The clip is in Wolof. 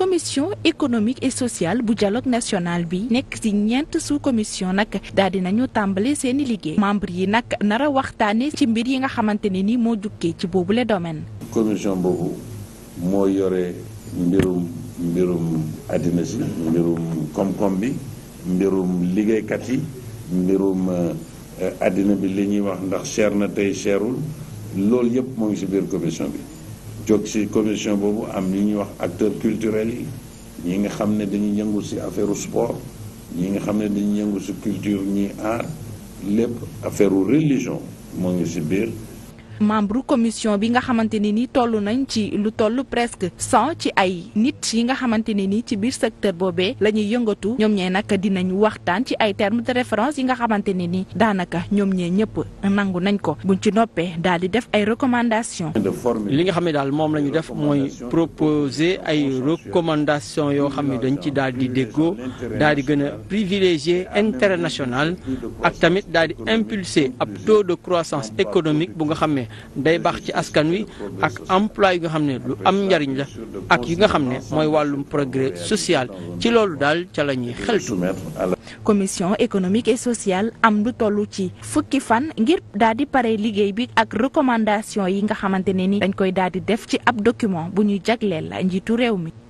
commission économique et sociale bu dialogue national bi nekk ci ñeent su commission nag daal di nañu tàmbale seeni liggéey membre yi nag nar a waxtaane ci mbir yi nga xamante ne ni moo jukkee ci boobule domaine. commission boobu moo yore mbirum mbirum àddina si mbirum koom-koom bi mbirum liggéeykat yi mbirum àddina euh, bi li ñuy wax ndax cher na tey cherul loolu yëpp moo ngi ci biir commission bi. jóg si commission boobu am ñu ñuy wax acteur culturel yi ñi nga xam ne dañuy yëngu si affaire sport ñi nga xam ne dañuy yëngu si culture ñi aar lépp affaire religion moo ngi si biir membre commission bi nga xamante ne ni toll nañ ci lu toll presque cent ci ay nit yi nga xamante ne ni ci biir secteur boobee la ñuy yëngatu ñoom ñee nag dinañu waxtaan ci ay termes de référence yi nga xamante ne ni daanaka ñoom ñee ñëpp nangu nañ ko buñ ci noppee daal di def ay recommandations. li nga xam ne daal moom la ñu def mooy proposer ay recommandations yoo xam ne dañ ci daal di déggoo daal di gën a privilégier international ak tamit daal di impulser ab taux de croissance économique bu nga xam day baax ci askan wi ak emploi yi nga xam ne lu am njariñ la ak yi nga xam ne mooy wàllum progrès social ci loolu daal ca la ñuy xeltu commission économique et sociale am lu toll ci fukki fan ngir daal di pare liggéey bi ak recommandation yi nga xamante ne ni dañ koy daal di def ci ab document bu ñuy jagleel la njiitu réew mi